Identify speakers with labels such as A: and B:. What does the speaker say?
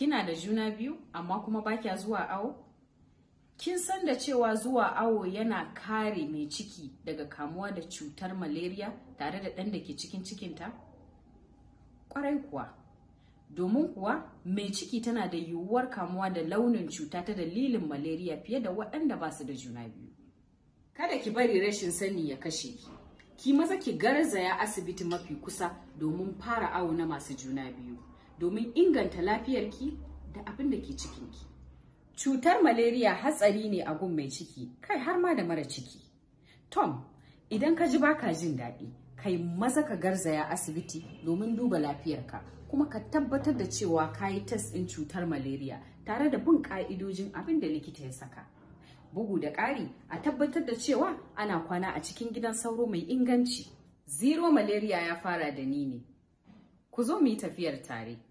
A: kina da juna
B: biyu amma kuma ba kya zuwa awo kin san da cewa zuwa awo yana kare mai ciki daga kamuwa da cutar malaria tare da ɗan da ke cikin cikinta kwarai kuwa domin kuwa mai ciki tana da yiwuwar kamuwa da launin cuta ta dalilin malaria fiye da waɗanda ba su da juna biyu kada ki bari rashin sani ya kashe ki ki maza ki garzaya asibiti mafi kusa domin fara awo na masu juna biyu domin inganta lafiyarki da abin da ke cikinki. Cutar malaria hatsari ne a gun mai ciki, kai har ma da mara ciki. Tom, idan ka ji baka jin daɗi, kai maza ka garzaya asibiti domin duba lafiyarka, kuma ka tabbatar da cewa ka yi tas ɗin cutar malaria tare da bin ƙa'idojin abin da likita ya saka. Bugu da ƙari, a tabbatar da cewa ana kwana a cikin gidan sauro mai inganci. Zero malaria ya fara da ni ne. Ku zo mu yi tafiyar tare.